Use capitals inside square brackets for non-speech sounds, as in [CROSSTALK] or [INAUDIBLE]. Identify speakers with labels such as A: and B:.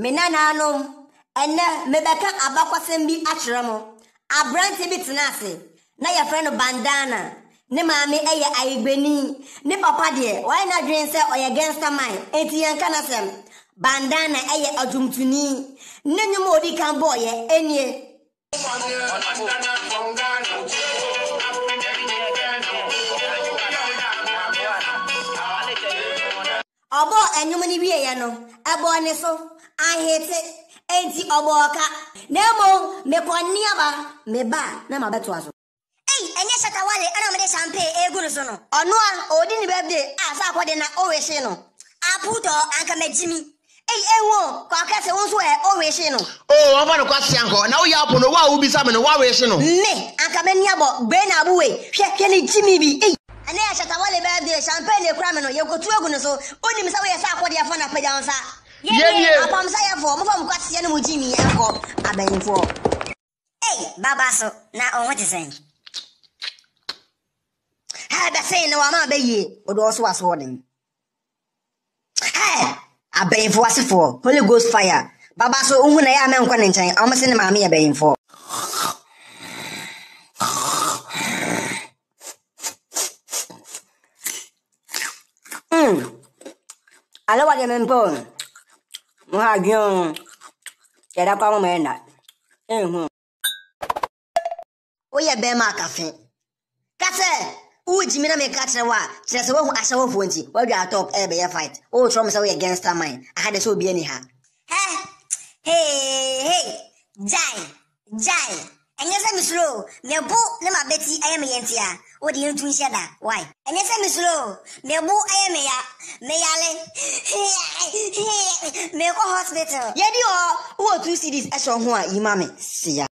A: mena nanom ɛnɛ mebɛka abakɔsɛm bi akyerɛ mo abrante bi tena ase na yɛfrɛ no bandana ne maame ɛyɛ ayigbeni ne papa deɛ na n'adwene sɛ ɔyɛ gangster man eti yɛn ka n'asɛm bandana ɛyɛ adwumtuni ne nnwom a odi kan bɔɔ yɛ enie. bandana from ghana. wie ya no ebe ọ nị so ahete enti ɔbɔɔka na mmom mekɔnneaba meba na mabɛtoa so ei ɛnyɛ shatawale ana mede champagne egu no so no ɔno a ɔdi ne birthday a sɛ akɔde na ɔwehye no aputɔ anka magyimi ewo kwa kese wo nso ɛ ɔwehye no oo ɔfa no kwase ankɔ na woyɛ apo no wo a wobisa me no woawehye no me anka m'ani abɔ bee na abowe hwɛ hwɛ ne gyimi bi ei ɛnɛ yɛ shatawale birthday champagne ekura me no yɛkotu egu no so wonim sɛ woyɛ sɛ akɔdeɛ fa na apagya nsa
B: yɛnie apɔmsɛ
A: yɛfoɔ mofa mo kwaseɛ no mu gyi mi akɔ abanyimfoɔ ei baba so na ɔho te sɛn ha bɛsɛn na wama bɛyie wode ɔso waso wɔ den ha abanyimfoɔ asefoɔ holy ghost fire baba so wohu na yɛ a mɛnkɔ ne nkyɛn ɔmo se ne maame yɛ banyimfoɔ Mm. Allora, che mi impone ha gị kedakwa ụmụ ya na ihu oya bɛɛ ma kafe kasɛ wo gyimi na meka kyerɛ wo a kyerɛ sɛ woahu ahyɛ wofoɔ nti woadwa atɔp ɛbɛyɛ fight wowotrɛ m sɛ woyɛ gangster man aha dɛ sɛ obia hey, ha Jai. gyae ɛnyɛ sɛ mesuro o mebo ne mabɛti ɛyɛ meyɛ nti a wode yɛntu nhyɛ da wae ɛnyɛ sɛ mesuro o mebo ɛyɛ meya meyale [LAUGHS] go hospital yɛdi hɔ wowɔ two cities ɛhyɛ wo ho a yima See ya.